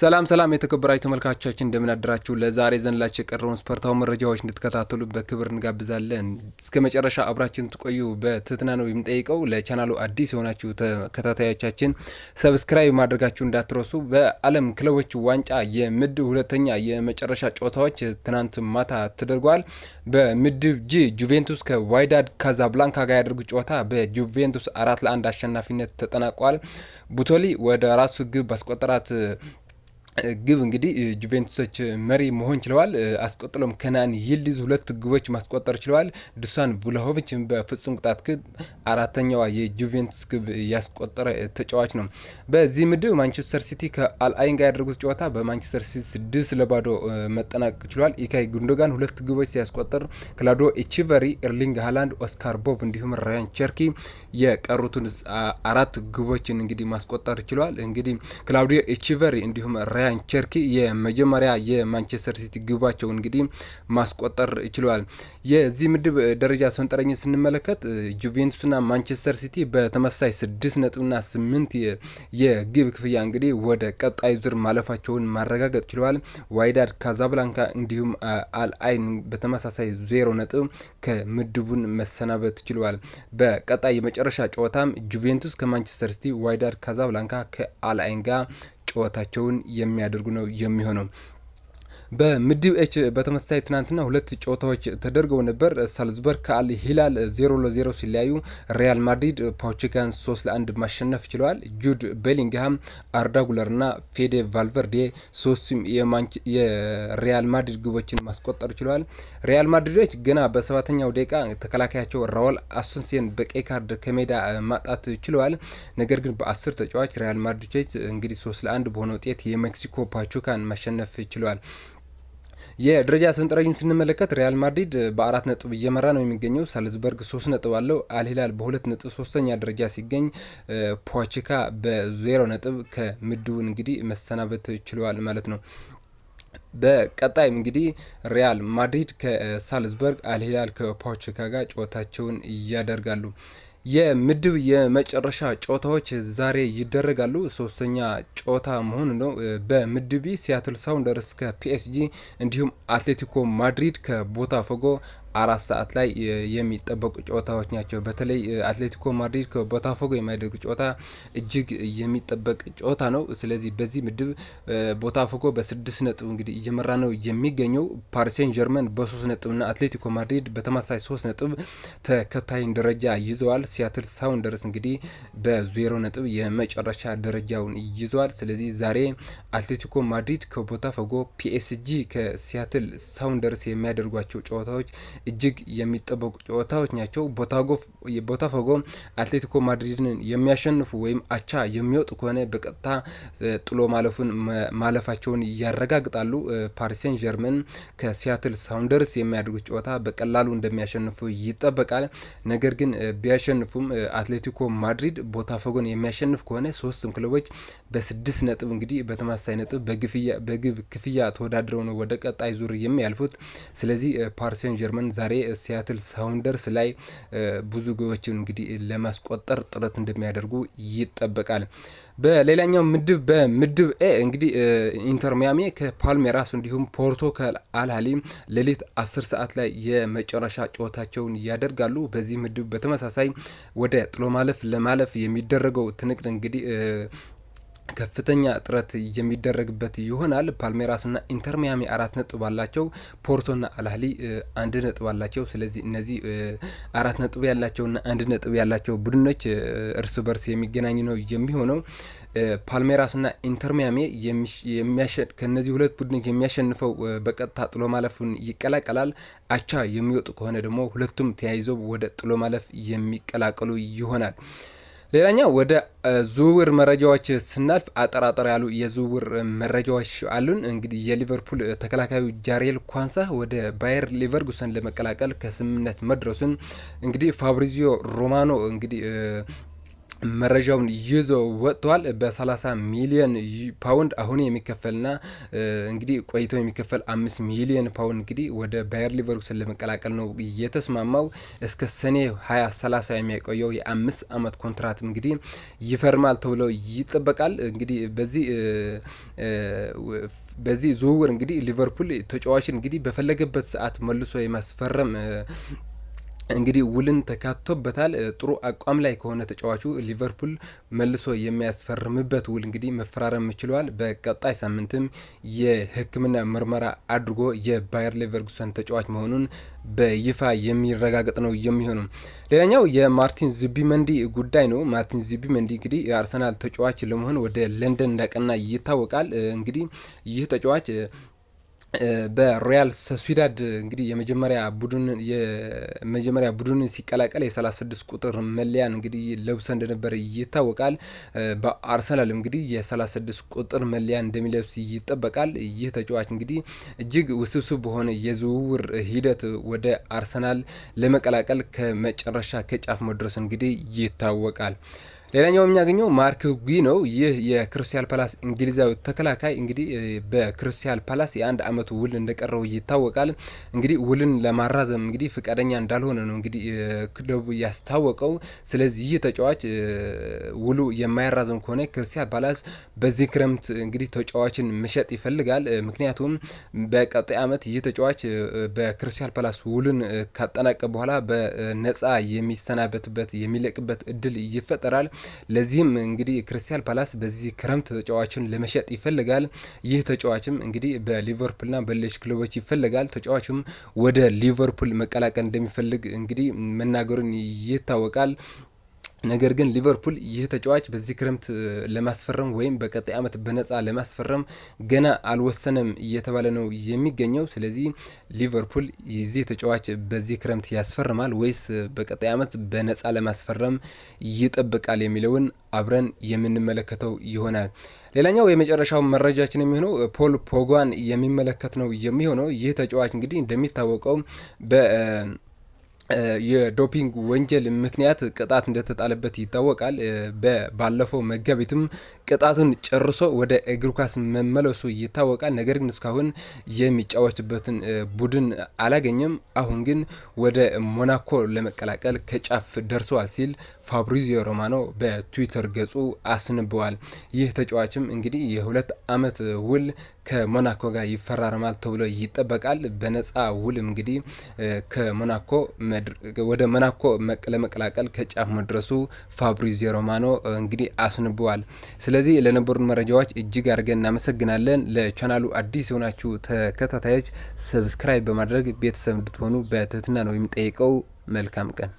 ሰላም ሰላም የተከበራችሁ ተመልካቾቻችን እንደምን አደራችሁ። ለዛሬ ዘንላችሁ የቀረውን ስፖርታዊ መረጃዎች እንድትከታተሉ በክብር እንጋብዛለን። እስከ መጨረሻ አብራችን ትቆዩ በትህትና ነው የምንጠይቀው። ለቻናሉ አዲስ የሆናችሁ ተከታታዮቻችን ሰብስክራይብ ማድረጋችሁ እንዳትረሱ። በዓለም ክለቦች ዋንጫ የምድብ ሁለተኛ የመጨረሻ ጨዋታዎች ትናንት ማታ ተደርጓል። በምድብ ጂ ጁቬንቱስ ከዋይዳድ ካዛብላንካ ጋር ያደርጉ ጨዋታ በጁቬንቱስ አራት ለአንድ አሸናፊነት ተጠናቋል። ቡቶሊ ወደ ራሱ ግብ ባስቆጠራት ግብ እንግዲህ ጁቬንቱሶች መሪ መሆን ችለዋል። አስቆጥሎም ከናን ይልዝ ሁለት ግቦች ማስቆጠር ችለዋል። ዱሳን ቭላሆቪች በፍጹም ቅጣት ግብ አራተኛዋ የጁቬንቱስ ግብ ያስቆጠረ ተጫዋች ነው። በዚህ ምድብ ማንቸስተር ሲቲ ከአልአይን ጋር ያደረጉት ጨዋታ በማንቸስተር ሲቲ ስድስት ለባዶ መጠናቀቅ ችለዋል። ኢካይ ጉንዶጋን ሁለት ግቦች ሲያስቆጠር፣ ክላዶ ኤቺቨሪ፣ ኤርሊንግ ሃላንድ፣ ኦስካር ቦብ እንዲሁም ራያን ቸርኪ የቀሩትን አራት ግቦችን እንግዲህ ማስቆጠር ችለዋል። እንግዲህ ክላውዲዮ ኤቺቨሪ እንዲሁም ራያን ቸርኪ የመጀመሪያ የማንቸስተር ሲቲ ግባቸው እንግዲህ ማስቆጠር ችለዋል። የዚህ ምድብ ደረጃ ሰንጠረኝ ስንመለከት ጁቬንቱስና ማንቸስተር ሲቲ በተመሳሳይ ስድስት ነጥብና ስምንት የግብ ክፍያ እንግዲህ ወደ ቀጣይ ዙር ማለፋቸውን ማረጋገጥ ችለዋል። ዋይዳድ ካዛብላንካ እንዲሁም አልአይን በተመሳሳይ ዜሮ ነጥብ ከምድቡን መሰናበት ችለዋል። በቀጣይ የመጨረሻ ጨዋታም ጁቬንቱስ ከማንቸስተር ሲቲ፣ ዋይዳድ ካዛብላንካ ከአልአይን ጋር ጨዋታቸውን የሚያደርጉ ነው የሚሆነው። በምድብ ኤች በተመሳሳይ ትናንትና ሁለት ጨዋታዎች ተደርገው ነበር። ሳልዝበርግ ከአል ሂላል ዜሮ ለዜሮ ሲለያዩ ሪያል ማድሪድ ፖርቹጋን ሶስት ለአንድ ማሸነፍ ችለዋል። ጁድ ቤሊንግሃም፣ አርዳ ጉለር ፌዴ ቫልቨርዴ ሶስቱም የሪያል ማድሪድ ግቦችን ማስቆጠር ችለዋል። ሪያል ማድሪዶች ገና በሰባተኛው ደቂቃ ተከላካያቸው ራዋል አሶንሴን በቀይ ካርድ ከሜዳ ማጣት ችለዋል። ነገር ግን በአስር ተጫዋች ሪያል ማድሪዶች እንግዲህ ሶስት ለአንድ በሆነ ውጤት የሜክሲኮ ፓቹካን ማሸነፍ ችለዋል። የደረጃ ሰንጠረዡን ስንመለከት ሪያል ማድሪድ በአራት ነጥብ እየመራ ነው የሚገኘው። ሳልዝበርግ ሶስት ነጥብ አለው። አልሂላል በሁለት ነጥብ ሶስተኛ ደረጃ ሲገኝ፣ ፖችካ በዜሮ ነጥብ ከምድቡ እንግዲህ መሰናበት ችለዋል ማለት ነው። በቀጣይም እንግዲህ ሪያል ማድሪድ ከሳልዝበርግ፣ አልሂላል ከፖችካ ጋር ጨዋታቸውን ያደርጋሉ። የምድብ የመጨረሻ ጨዋታዎች ዛሬ ይደረጋሉ። ሶስተኛ ጨዋታ መሆኑ ነው። በምድቢ ሲያትል ሳውንደርስ ከፒኤስጂ እንዲሁም አትሌቲኮ ማድሪድ ከቦታፎጎ አራት ሰዓት ላይ የሚጠበቁ ጨዋታዎች ናቸው። በተለይ አትሌቲኮ ማድሪድ ከቦታፎጎ የሚያደርጉ ጨዋታ እጅግ የሚጠበቅ ጨዋታ ነው። ስለዚህ በዚህ ምድብ ቦታፎጎ በስድስት ነጥብ እንግዲህ እየመራ ነው የሚገኘው። ፓሪሴን ጀርመን በሶስት ና አትሌቲኮ ማድሪድ በተመሳሳይ ሶስት ነጥብ ተከታይን ደረጃ ይዘዋል። ሲያትል ሳውንደርስ እንግዲህ በዜሮ ነጥብ የመጨረሻ ደረጃውን ይዘዋል። ስለዚህ ዛሬ አትሌቲኮ ማድሪድ ከቦታፎጎ፣ ፒኤስጂ ከሲያትል ሳውንደርስ የሚያደርጓቸው ጨዋታዎች እጅግ የሚጠበቁ ጨዋታዎች ናቸው። ቦታፎጎ አትሌቲኮ ማድሪድን የሚያሸንፉ ወይም አቻ የሚወጡ ከሆነ በቀጥታ ጥሎ ማለፉን ማለፋቸውን ያረጋግጣሉ። ፓሪሴን ጀርመን ከሲያትል ሳውንደርስ የሚያደርጉት ጨዋታ በቀላሉ እንደሚያሸንፉ ይጠበቃል። ነገር ግን ቢያሸንፉም አትሌቲኮ ማድሪድ ቦታፎጎን የሚያሸንፍ ከሆነ ሶስቱም ክለቦች በስድስት ነጥብ እንግዲህ በተመሳሳይ ነጥብ በግብ ክፍያ ተወዳድረው ነው ወደ ቀጣይ ዙር የሚያልፉት። ስለዚህ ፓሪሴን ጀርመን ዛሬ ሲያትል ሳውንደርስ ላይ ብዙ ግቦችን እንግዲህ ለማስቆጠር ጥረት እንደሚያደርጉ ይጠበቃል። በሌላኛው ምድብ በምድብ ኤ እንግዲህ ኢንተር ሚያሚ ከፓልሜራስ እንዲሁም ፖርቶ ከአልሃሊ ሌሊት አስር ሰዓት ላይ የመጨረሻ ጨዋታቸውን ያደርጋሉ። በዚህ ምድብ በተመሳሳይ ወደ ጥሎ ማለፍ ለማለፍ የሚደረገው ትንቅንቅ እንግዲህ ከፍተኛ ጥረት የሚደረግበት ይሆናል። ፓልሜራስና ኢንተር ሚያሚ አራት ነጥብ አላቸው። ፖርቶና አላህሊ አንድ ነጥብ አላቸው። ስለዚህ እነዚህ አራት ነጥብ ያላቸውና አንድ ነጥብ ያላቸው ቡድኖች እርስ በርስ የሚገናኝ ነው የሚሆነው። ፓልሜራስና ኢንተር ሚያሚ ከእነዚህ ሁለት ቡድኖች የሚያሸንፈው በቀጥታ ጥሎ ማለፉን ይቀላቀላል። አቻ የሚወጡ ከሆነ ደግሞ ሁለቱም ተያይዘው ወደ ጥሎ ማለፍ የሚቀላቀሉ ይሆናል። ሌላኛው ወደ ዝውውር መረጃዎች ስናልፍ አጠራጠር ያሉ የዝውውር መረጃዎች አሉን። እንግዲህ የሊቨርፑል ተከላካዩ ጃሬል ኳንሳ ወደ ባየር ሊቨርጉሰን ለመቀላቀል ከስምምነት መድረሱን እንግዲህ ፋብሪዚዮ ሮማኖ እንግዲህ መረጃውን ይዞ ወጥቷል። በ30 ሚሊዮን ፓውንድ አሁን የሚከፈልና እንግዲህ ቆይቶ የሚከፈል አ ሚሊዮን ፓውንድ እንግዲህ ወደ ባየር ሊቨርኩሰን ለመቀላቀል ነው የተስማማው። እስከ ሰኔ 2030 የሚያቆየው የአምስት ዓመት ኮንትራት እንግዲህ ይፈርማል ተብሎ ይጠበቃል። እንግዲህ በዚህ በዚህ ዝውውር እንግዲህ ሊቨርፑል ተጫዋችን እንግዲህ በፈለገበት ሰዓት መልሶ የማስፈረም እንግዲህ ውልን ተካቶበታል። ጥሩ አቋም ላይ ከሆነ ተጫዋቹ ሊቨርፑል መልሶ የሚያስፈርምበት ውል እንግዲህ መፈራረም ችለዋል። በቀጣይ ሳምንትም የሕክምና ምርመራ አድርጎ የባየር ሌቨርጉሰን ተጫዋች መሆኑን በይፋ የሚረጋገጥ ነው የሚሆኑ። ሌላኛው የማርቲን ዙቢመንዲ ጉዳይ ነው። ማርቲን ዙቢመንዲ እንግዲህ የአርሰናል ተጫዋች ለመሆን ወደ ለንደን እንዳቀና ይታወቃል። እንግዲህ ይህ ተጫዋች በሮያል ሶሲዳድ እንግዲህ የመጀመሪያ ቡድን የመጀመሪያ ቡድን ሲቀላቀል የ36 ቁጥር መለያን እንግዲህ ለብሰ እንደነበር ይታወቃል። በአርሰናል እንግዲህ የ36 ቁጥር መለያ እንደሚለብስ ይጠበቃል። ይህ ተጫዋች እንግዲህ እጅግ ውስብስብ በሆነ የዝውውር ሂደት ወደ አርሰናል ለመቀላቀል ከመጨረሻ ከጫፍ መድረስ እንግዲህ ይታወቃል። ሌላኛው የሚያገኘው ማርክ ጉ ነው። ይህ የክርስቲያል ፓላስ እንግሊዛዊ ተከላካይ እንግዲህ በክርስቲያል ፓላስ የአንድ አመቱ ውል እንደቀረው ይታወቃል። እንግዲህ ውልን ለማራዘም እንግዲህ ፍቃደኛ እንዳልሆነ ነው እንግዲህ ክለቡ ያስታወቀው። ስለዚህ ይህ ተጫዋች ውሉ የማያራዘም ከሆነ ክርስቲያል ፓላስ በዚህ ክረምት እንግዲህ ተጫዋችን መሸጥ ይፈልጋል። ምክንያቱም በቀጣይ አመት ይህ ተጫዋች በክርስቲያል ፓላስ ውልን ካጠናቀ በኋላ በነፃ የሚሰናበትበት የሚለቅበት እድል ይፈጠራል። ለዚህም እንግዲህ ክሪስታል ፓላስ በዚህ ክረምት ተጫዋቹን ለመሸጥ ይፈልጋል። ይህ ተጫዋችም እንግዲህ በሊቨርፑልና በሌሎች ክለቦች ይፈልጋል። ተጫዋቹም ወደ ሊቨርፑል መቀላቀል እንደሚፈልግ እንግዲህ መናገሩን ይታወቃል። ነገር ግን ሊቨርፑል ይህ ተጫዋች በዚህ ክረምት ለማስፈረም ወይም በቀጣይ ዓመት በነፃ ለማስፈረም ገና አልወሰነም እየተባለ ነው የሚገኘው። ስለዚህ ሊቨርፑል ይህ ተጫዋች በዚህ ክረምት ያስፈርማል ወይስ በቀጣይ ዓመት በነፃ ለማስፈረም ይጠብቃል የሚለውን አብረን የምንመለከተው ይሆናል። ሌላኛው የመጨረሻው መረጃችን የሚሆነው ፖል ፖጓን የሚመለከት ነው የሚሆነው ይህ ተጫዋች እንግዲህ እንደሚታወቀው በ የዶፒንግ ወንጀል ምክንያት ቅጣት እንደተጣለበት ይታወቃል። ባለፈው መጋቢትም ቅጣቱን ጨርሶ ወደ እግር ኳስ መመለሱ ይታወቃል። ነገር ግን እስካሁን የሚጫወትበትን ቡድን አላገኘም። አሁን ግን ወደ ሞናኮ ለመቀላቀል ከጫፍ ደርሰዋል ሲል ፋብሪዚዮ ሮማኖ በትዊተር ገጹ አስንበዋል። ይህ ተጫዋችም እንግዲህ የሁለት ዓመት ውል ከሞናኮ ጋር ይፈራረማል ተብሎ ይጠበቃል። በነፃ ውልም እንግዲህ ከሞናኮ ወደ ሞናኮ ለመቀላቀል ከጫፍ መድረሱ ፋብሪዚዮ ሮማኖ እንግዲህ አስንበዋል። ስለዚህ ለነበሩን መረጃዎች እጅግ አድርገን እናመሰግናለን። ለቻናሉ አዲስ የሆናችሁ ተከታታዮች ሰብስክራይብ በማድረግ ቤተሰብ እንድትሆኑ በትህትና ነው የሚጠይቀው። መልካም ቀን